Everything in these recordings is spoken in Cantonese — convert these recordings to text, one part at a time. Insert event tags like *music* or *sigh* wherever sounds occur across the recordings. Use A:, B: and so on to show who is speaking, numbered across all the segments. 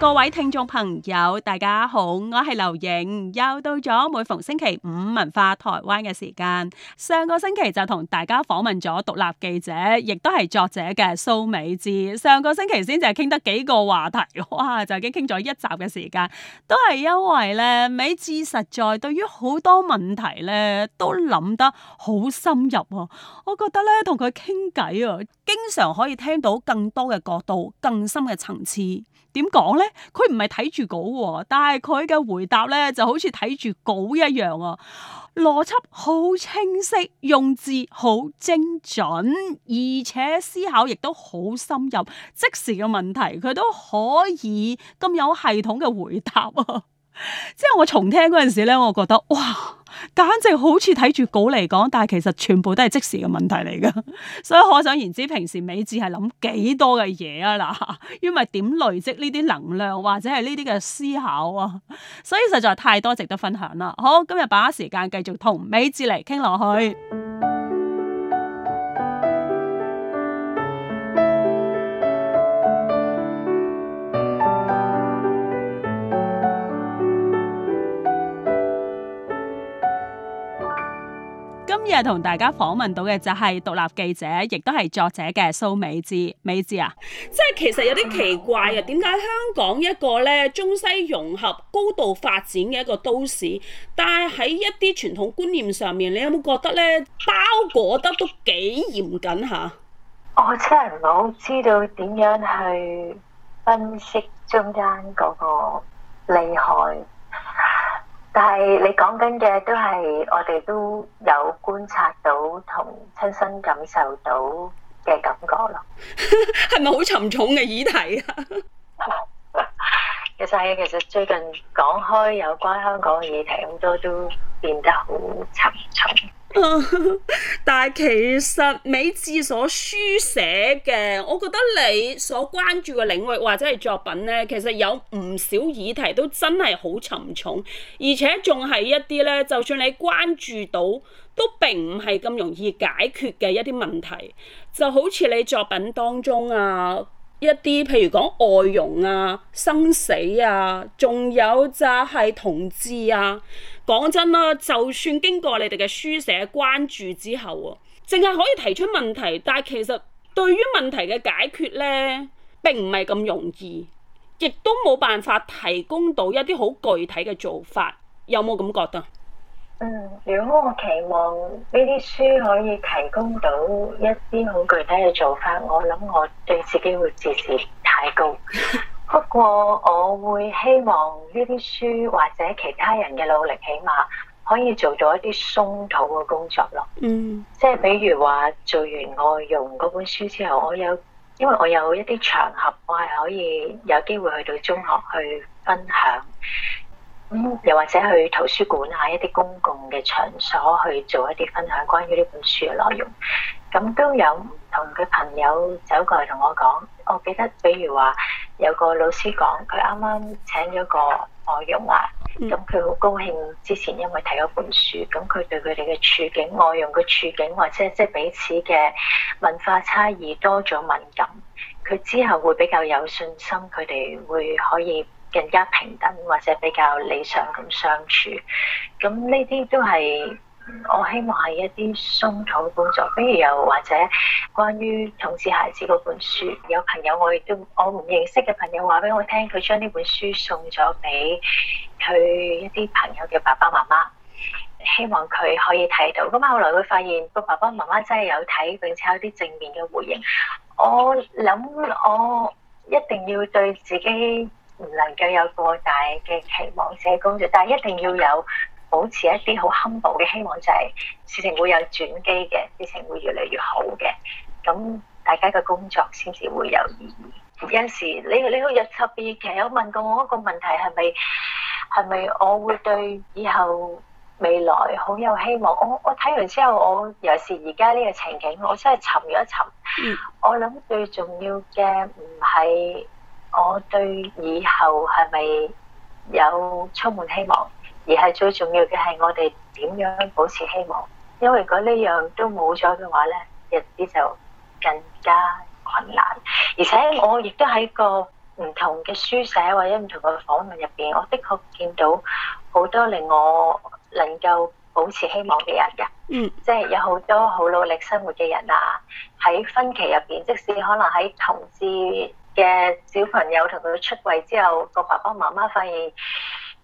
A: 各位聽眾朋友，大家好，我係劉影，又到咗每逢星期五文化台灣嘅時間。上個星期就同大家訪問咗獨立記者，亦都係作者嘅蘇美智。上個星期先就係傾得幾個話題，哇，就已經傾咗一集嘅時間，都係因為咧美智實在對於好多問題咧都諗得好深入啊，我覺得咧同佢傾偈啊。經常可以聽到更多嘅角度、更深嘅層次。點講呢？佢唔係睇住稿喎，但係佢嘅回答呢就好似睇住稿一樣啊！邏輯好清晰，用字好精準，而且思考亦都好深入。即時嘅問題，佢都可以咁有系統嘅回答啊！之後我重聽嗰陣時咧，我覺得哇，簡直好似睇住稿嚟講，但係其實全部都係即時嘅問題嚟㗎。所以可想而知，平時美智係諗幾多嘅嘢啊。嗱，因為點累積呢啲能量或者係呢啲嘅思考啊，所以實在太多值得分享啦。好，今日把握時間繼續同美智嚟傾落去。今日同大家訪問到嘅就係獨立記者，亦都係作者嘅蘇美智。美智啊，即係其實有啲奇怪啊，點解香港一個咧中西融合、高度發展嘅一個都市，但係喺一啲傳統觀念上面，你有冇覺得咧包裹得都幾嚴謹吓？
B: 我真係唔好知道點樣去分析中間嗰個厲害。但係你講緊嘅都係我哋都有觀察到同親身感受到
A: 嘅感覺咯，係咪好沉重嘅議題
B: 啊？ *laughs* *laughs* 其實係其實最近講開有關香港嘅議題咁多，都變得好沉重。
A: *laughs* 但係其實美智所書寫嘅，我覺得你所關注嘅領域或者係作品呢，其實有唔少議題都真係好沉重，而且仲係一啲呢，就算你關注到，都並唔係咁容易解決嘅一啲問題，就好似你作品當中啊。一啲譬如講外傭啊、生死啊，仲有就係同志啊。講真啦，就算經過你哋嘅書寫關注之後喎，淨係可以提出問題，但係其實對於問題嘅解決呢，並唔係咁容易，亦都冇辦法提供到一啲好具體嘅做法。有冇咁覺得？
B: 嗯，如果我期望呢啲書可以提供到一啲好具體嘅做法，我諗我對自己會自視太高。不過 *laughs* 我會希望呢啲書或者其他人嘅努力，起碼可以做到一啲鬆土嘅工作咯。嗯，即係比如話做完外傭嗰本書之後，我有因為我有一啲場合，我係可以有機會去到中學去分享。嗯，又或者去圖書館啊，一啲公共嘅場所去做一啲分享，關於呢本書嘅內容。咁都有唔同嘅朋友走過嚟同我講，我記得，比如話有個老師講，佢啱啱請咗個外傭啊，咁佢好高興，之前因為睇咗本書，咁佢對佢哋嘅處境，外傭嘅處境，或者即係彼此嘅文化差異多咗敏感，佢之後會比較有信心，佢哋會可以。更加平等或者比較理想咁相處，咁呢啲都係我希望係一啲鬆土嘅工作。比如又或者關於《同志孩子》嗰本書，有朋友我亦都我唔認識嘅朋友話俾我聽，佢將呢本書送咗俾佢一啲朋友嘅爸爸媽媽，希望佢可以睇到。咁後來會發現個爸爸媽媽真係有睇，並且有啲正面嘅回應。我諗我一定要對自己。唔能夠有過大嘅期望，者工作，但係一定要有保持一啲好 humble 嘅希望，就係、是、事情會有轉機嘅，事情會越嚟越好嘅。咁大家嘅工作先至會有意義。有時你你去入側邊，其實有問過我一個問題，係咪係咪我會對以後未來好有希望？我我睇完之後，我尤其是而家呢個情景，我真係沉咗一沉。嗯。我諗最重要嘅唔係。我對以後係咪有充滿希望？而係最重要嘅係我哋點樣保持希望？因為如果呢樣都冇咗嘅話呢，日子就更加困難。而且我亦都喺個唔同嘅書寫或者唔同嘅訪問入邊，我的確見到好多令我能夠保持希望嘅人噶。嗯。
A: 即係有好
B: 多好努力生活嘅人啊！喺分歧入邊，即使可能喺同志。嘅小朋友同佢出櫃之後，個爸爸媽媽發現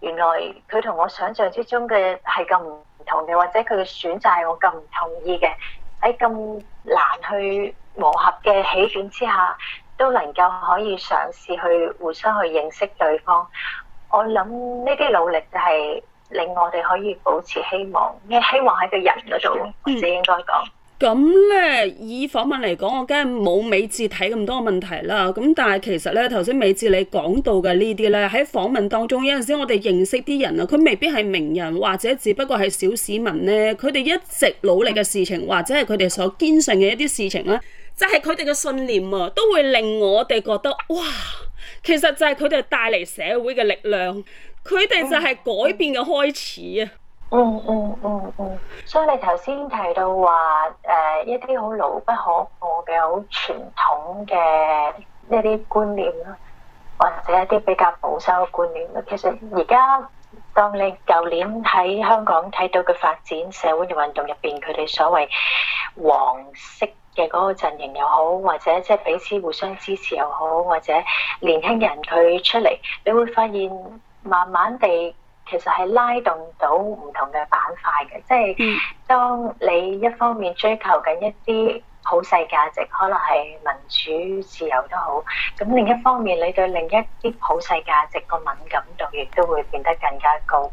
B: 原來佢同我想象之中嘅係咁唔同嘅，或者佢嘅選擇係我咁唔同意嘅，喺咁難去磨合嘅起點之下，都能夠可以嘗試去互相去認識對方。我諗呢啲努力就係令我哋可以保持希望，咩希望喺個人嗰度，我哋應該講。嗯
A: 咁咧，以訪問嚟講，我梗係冇美智睇咁多個問題啦。咁但係其實咧，頭先美智你講到嘅呢啲咧，喺訪問當中有陣時，我哋認識啲人啊，佢未必係名人或者只不過係小市民咧，佢哋一直努力嘅事情，或者係佢哋所堅信嘅一啲事情咧，就係佢哋嘅信念啊，都會令我哋覺得哇，其實就係佢哋帶嚟社會嘅力量，佢哋就係改變嘅開始啊！嗯嗯
B: 嗯嗯嗯嗯，所以你頭先提到話誒、呃、一啲好牢不可破嘅好傳統嘅一啲觀念咯，或者一啲比較保守嘅觀念。其實而家當你舊年喺香港睇到嘅發展社會嘅運動入邊，佢哋所謂黃色嘅嗰個陣營又好，或者即係彼此互相支持又好，或者年輕人佢出嚟，你會發現慢慢地。其實係拉動到唔同嘅板塊嘅，即係當你一方面追求緊一啲普世價值，可能係民主自由都好，咁另一方面你對另一啲普世價值個敏感度，亦都會變得更加高。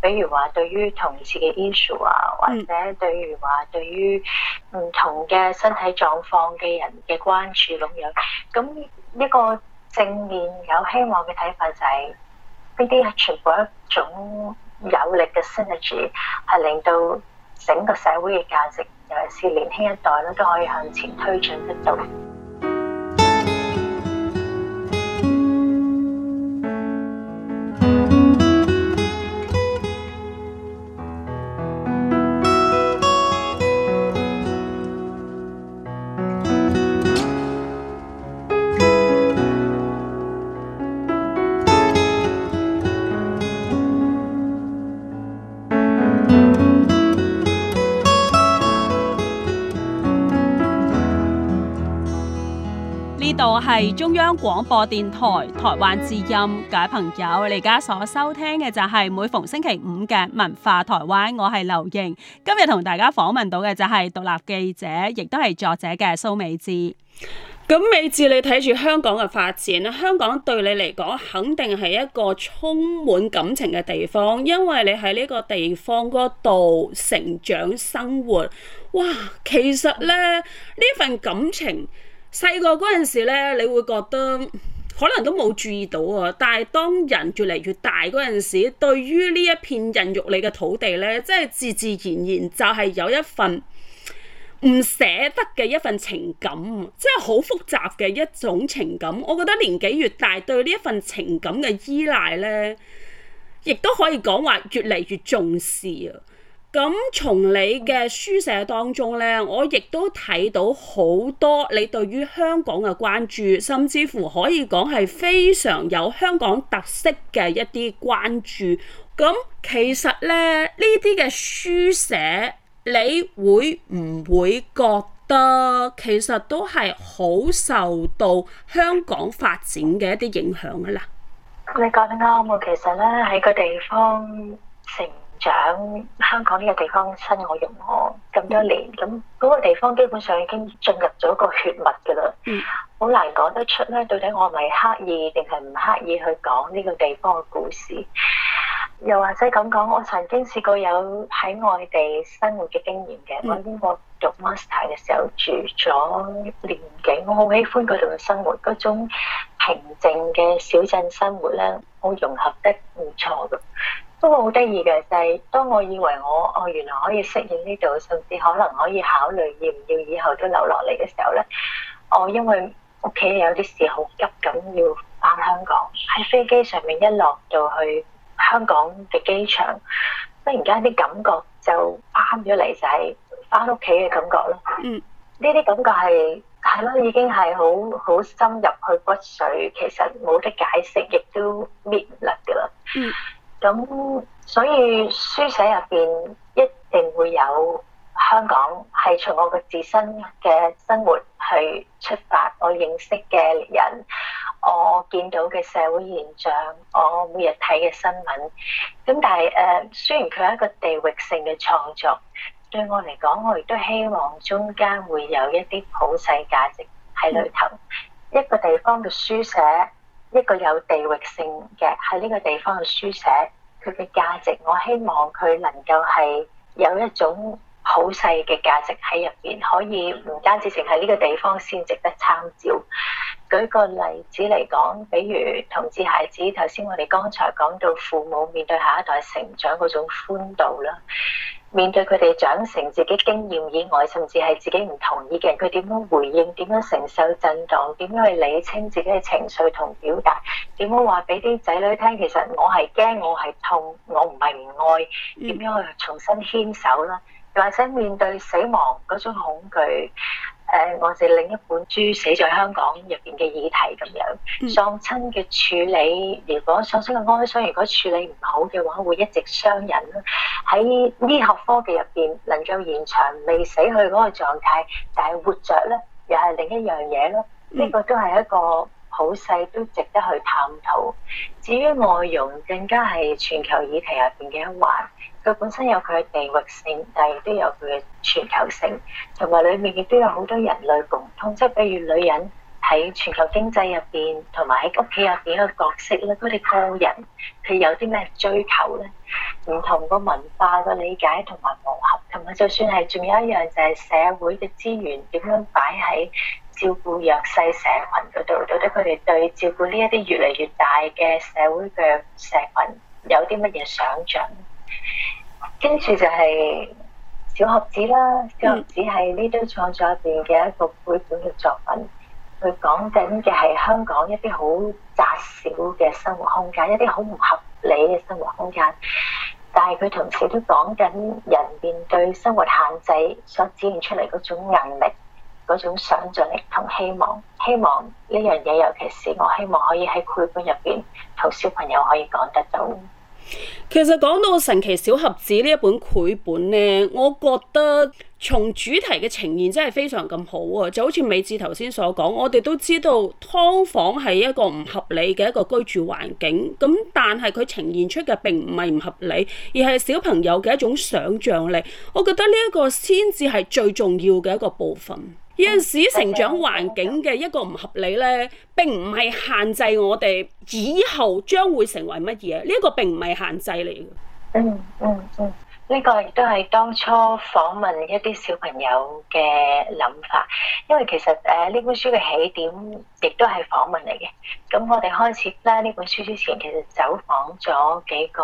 B: 比如話對於同志嘅 issue 啊，或者對於話對於唔同嘅身體狀況嘅人嘅關注咁樣，咁一個正面有希望嘅睇法就係、是。呢啲係全部一種有力嘅 synergy，係令到整個社會嘅價值，尤其是年輕一代咧，都可以向前推進得到。
A: 係中央廣播電台台灣之音，各位朋友，你而家所收聽嘅就係每逢星期五嘅文化台灣，我係劉瑩，今日同大家訪問到嘅就係獨立記者，亦都係作者嘅蘇美智。咁美智，你睇住香港嘅發展咧，香港對你嚟講肯定係一個充滿感情嘅地方，因為你喺呢個地方嗰度成長生活。哇，其實呢，呢份感情。細個嗰陣時咧，你會覺得可能都冇注意到啊，但係當人越嚟越大嗰陣時，對於呢一片孕育你嘅土地咧，即係自自然然就係有一份唔捨得嘅一份情感，即係好複雜嘅一種情感。我覺得年紀越大，對呢一份情感嘅依賴咧，亦都可以講話越嚟越重視啊。咁從你嘅書寫當中咧，我亦都睇到好多你對於香港嘅關注，甚至乎可以講係非常有香港特色嘅一啲關注。咁其實咧，呢啲嘅書寫，你會唔會覺得其實都係好受到香港發展嘅一啲影響嘅啦？你講
B: 得啱喎，其實咧喺個地方成想香港呢個地方生我容我咁多年，咁、那、嗰個地方基本上已經進入咗一個血脈㗎啦。好、嗯、難講得出咧，到底我係咪刻意定係唔刻意去講呢個地方嘅故事？又或者咁講，我曾經試過有喺外地生活嘅經驗嘅。我呢、嗯、我讀 master 嘅時候住咗年幾，我好喜歡佢哋嘅生活，嗰種平靜嘅小鎮生活咧，好融合得唔錯㗎。不過好得意嘅，就係、是、當我以為我我原來可以適應呢度，甚至可能可以考慮要唔要以後都留落嚟嘅時候咧，我因為屋企有啲事好急咁要返香港，喺飛機上面一落到去香港嘅機場，忽然間啲感覺就啱咗嚟，就係返屋企嘅感覺咯。嗯，呢啲感覺係係咯，已經係好好深入去骨髓，其實冇得解釋，亦都搣唔甩噶啦。嗯。咁所以書寫入邊一定會有香港，係從我嘅自身嘅生活去出發，我認識嘅人，我見到嘅社會現象，我每日睇嘅新聞。咁但係誒、呃，雖然佢係一個地域性嘅創作，對我嚟講，我亦都希望中間會有一啲普世價值喺裏頭。一個地方嘅書寫。一個有地域性嘅喺呢個地方嘅書寫，佢嘅價值，我希望佢能夠係有一種好細嘅價值喺入邊，可以唔單止淨係呢個地方先值得參照。舉個例子嚟講，比如同志孩子頭先，剛我哋剛才講到父母面對下一代成長嗰種寬度啦。面對佢哋長成自己經驗以外，甚至係自己唔同意嘅人，佢點樣回應？點樣承受震盪？點樣去理清自己嘅情緒同表達？點樣話俾啲仔女聽？其實我係驚，我係痛，我唔係唔愛。點樣去重新牽手啦？又或者面對死亡嗰種恐懼？誒、呃，我哋另一本書死在香港入邊嘅議題咁樣，喪親嘅處理，如果喪親嘅哀傷，如果處理唔好嘅話，會一直傷人啦。喺醫學科技入邊，能夠延長未死去嗰個狀態，但係活着咧，又係另一樣嘢咯。呢、這個都係一個。好細都值得去探討。至於內容，更加係全球議題入邊嘅一環。佢本身有佢嘅地域性，但亦都有佢嘅全球性，同埋裏面亦都有好多人類共通，即係比如女人喺全球經濟入邊，同埋喺屋企入邊嘅角色啦。佢哋個人佢有啲咩追求咧？唔同個文化嘅理解同埋磨合，同埋就算係仲有一樣就係社會嘅資源點樣擺喺照顧弱勢社群嗰度，到底佢哋對照顧呢一啲越嚟越大嘅社會嘅社群有啲乜嘢想像？跟住就係小盒子啦，小盒子係呢堆創作入邊嘅一個代表嘅作品。佢講緊嘅係香港一啲好窄小嘅生活空間，一啲好唔合理嘅生活空間。但係佢同時都講緊人面對生活限制所展現出嚟嗰種韌力。嗰
A: 種想像力同希望，希望呢樣嘢，尤其是我希望可以喺繪本入邊同小朋友可以講得到。其實講到神奇小盒子呢一本繪本呢，我覺得從主題嘅呈現真係非常咁好啊。就好似美智頭先所講，我哋都知道劏房係一個唔合理嘅一個居住環境，咁但係佢呈現出嘅並唔係唔合理，而係小朋友嘅一種想像力。我覺得呢一個先至係最重要嘅一個部分。有陣時成長環境嘅一個唔合理呢，並唔係限制我哋以後將會成為乜嘢。呢一個並唔係限制嚟
B: 嘅、嗯。嗯嗯嗯，呢個亦都係當初訪問一啲小朋友嘅諗法，因為其實誒呢本書嘅起點亦都係訪問嚟嘅。咁我哋開始咧呢本書之前，其實走訪咗幾個，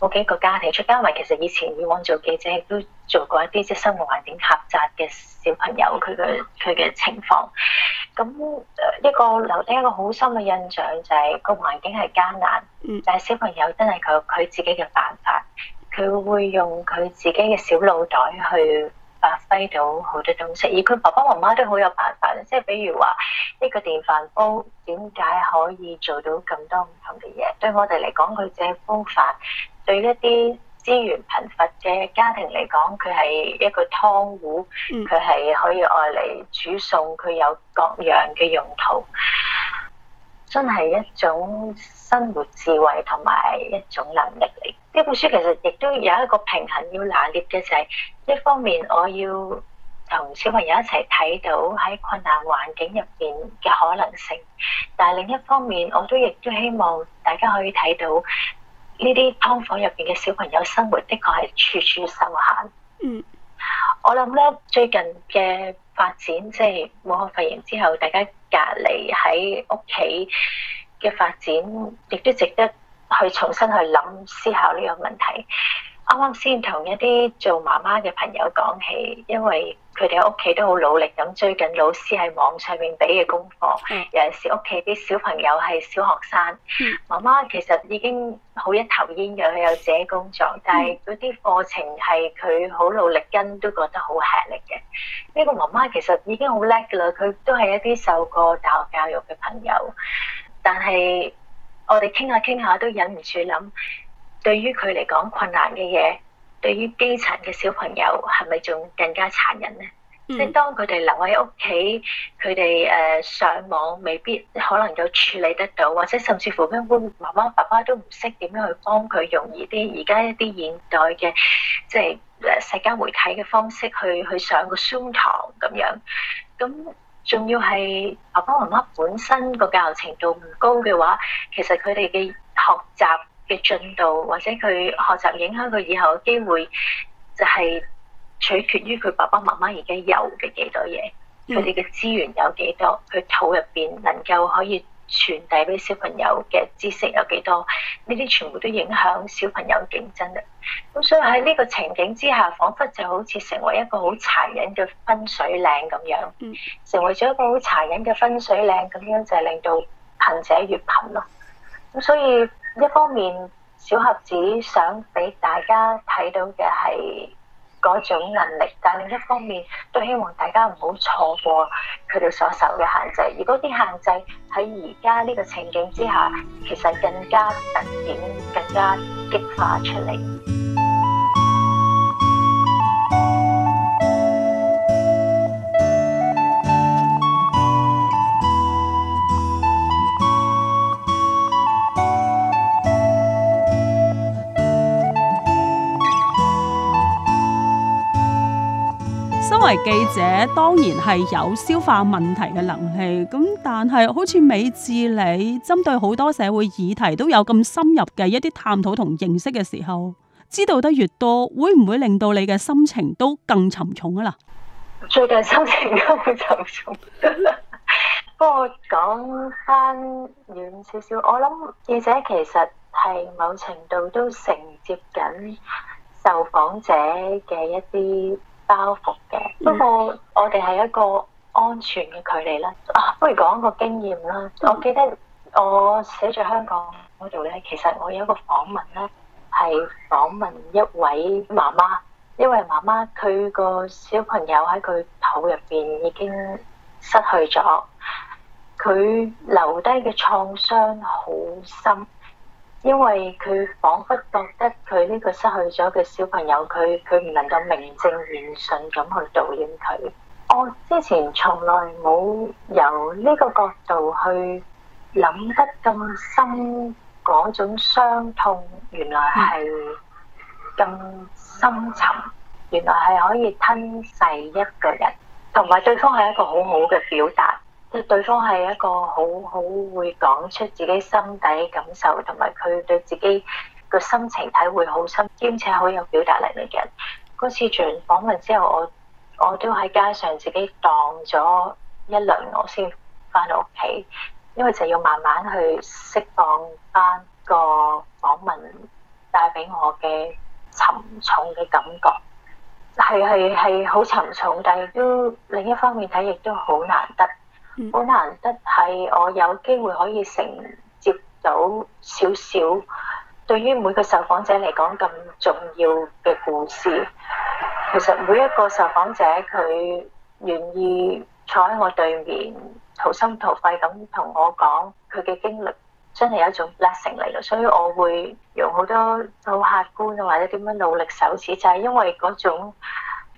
B: 某幾個家庭出街，因為其實以前以往做記者都做過一啲即係生活環境狹窄嘅小朋友，佢嘅佢嘅情況。咁、呃、一個留低一個好深嘅印象就係、是、個環境係艱難，嗯、但係小朋友真係佢佢自己嘅辦法，佢會用佢自己嘅小腦袋去發揮到好多東西，而佢爸爸媽媽都好有辦法，即係比如話呢、這個電飯煲點解可以做到咁多唔同嘅嘢？對我哋嚟講，佢只係煲飯。對一啲資源貧乏嘅家庭嚟講，佢係一個湯壺，佢係、嗯、可以愛嚟煮餸，佢有各樣嘅用途，真係一種生活智慧同埋一種能力嚟。呢本書其實亦都有一個平衡要拿捏嘅就係、是，一方面我要同小朋友一齊睇到喺困難環境入邊嘅可能性，但係另一方面，我都亦都希望大家可以睇到。呢啲㓥房入邊嘅小朋友生活，的確係處處受限。嗯，我諗咧，最近嘅發展，即係武漢肺炎之後，大家隔離喺屋企嘅發展，亦都值得去重新去諗思考呢個問題。啱啱先同一啲做媽媽嘅朋友講起，因為佢哋喺屋企都好努力咁，追緊老師喺網上面俾嘅功課，嗯、尤其是屋企啲小朋友係小學生，媽媽、嗯、其實已經好一頭煙，嘅，佢有自己工作，但係嗰啲課程係佢好努力跟，都覺得好吃力嘅。呢、呢個媽媽其實已經好叻噶啦，佢都係一啲受過大學教育嘅朋友，但係我哋傾下傾下都忍唔住諗。對於佢嚟講困難嘅嘢，對於基層嘅小朋友係咪仲更加殘忍呢？Mm. 即係當佢哋留喺屋企，佢哋誒上網未必可能，能夠處理得到，或者甚至乎媽媽媽媽爸爸都唔識點樣去幫佢容易啲。而家一啲現，現代嘅即係誒社交媒體嘅方式去去上個 Zoom 堂咁樣，咁仲要係爸爸媽媽本身個教育程度唔高嘅話，其實佢哋嘅學習嘅進度，或者佢學習影響佢以後嘅機會，就係取決於佢爸爸媽媽而家有嘅幾多嘢，佢哋嘅資源有幾多，佢肚入邊能夠可以傳遞俾小朋友嘅知識有幾多，呢啲全部都影響小朋友競爭力。咁所以喺呢個情景之下，仿佛就好似成為一個好殘忍嘅分水嶺咁樣，嗯、成為咗一個好殘忍嘅分水嶺咁樣，咁樣就係、是、令到貧者越貧咯。咁所以，一方面，小盒子想俾大家睇到嘅係嗰種能力，但另一方面都希望大家唔好錯過佢哋所受嘅限制。而嗰啲限制喺而家呢個情景之下，其實更加突顯更加激化出嚟。
A: 記者當然係有消化問題嘅能力，咁但係好似美智理針對好多社會議題都有咁深入嘅一啲探討同認識嘅時候，知道得越多，會唔會令到你嘅心情都更沉重啊？啦，最近心情都好沉重。 *laughs* 不
B: 過講翻遠少少，我諗記者其實係某程度都承接緊受訪者嘅一啲包袱。不過、嗯，我哋係一個安全嘅距離啦。啊，不如講一個經驗啦。我記得我寫住香港嗰度咧，其實我有一個訪問咧，係訪問一位媽媽。一位媽媽，佢個小朋友喺佢肚入邊已經失去咗，佢留低嘅創傷好深。因為佢仿佛覺得佢呢個失去咗嘅小朋友，佢佢唔能夠名正言順咁去悼念佢。我之前從來冇由呢個角度去諗得咁深嗰種傷痛，原來係咁深沉，原來係可以吞噬一個人，同埋對方係一個好好嘅表達。.對方係一個好好會講出自己心底感受，同埋佢對自己個心情體會好深，兼且好有表達能力嘅人。嗰次做完訪問之後，我我都喺街上自己蕩咗一輪，我先翻到屋企，因為就要慢慢去釋放翻個訪問帶俾我嘅沉重嘅感覺。係係係好沉重，但係都另一方面睇，亦都好難得。好、嗯、難得係我有機會可以承接到少少對於每個受訪者嚟講咁重要嘅故事。其實每一個受訪者佢願意坐喺我對面，掏心掏肺咁同我講佢嘅經歷，真係有一種 blessing 嚟㗎。所以我會用好多好客觀或者點樣努力手指，就係、是、因為嗰種。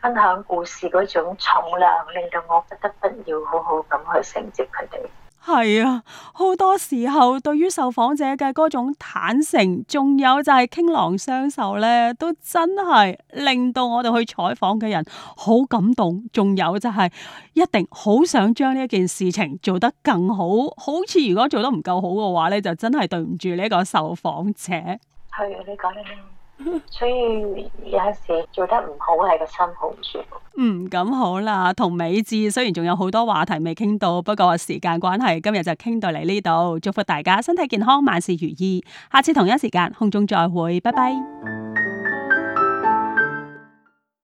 B: 分享故事嗰種重
A: 量，令到我不得不要好好咁去承接佢哋。係啊，好多時候對於受訪者嘅嗰種坦誠，仲有就係傾囊相授呢，都真係令到我哋去採訪嘅人好感動。仲有就係一定好想將呢一件事情做得更好，好似如果做得唔夠好嘅話，呢就真係對唔住呢一個受訪者。係啊，你
B: 講得啱。 *laughs* 所以有時做得唔
A: 好，係個心好唔舒服。嗯，咁好啦，同美智雖然仲有好多話題未傾到，不過話時間關係，今日就傾到嚟呢度。祝福大家身體健康，萬事如意。下次同一時間空中再會，拜拜。 *music*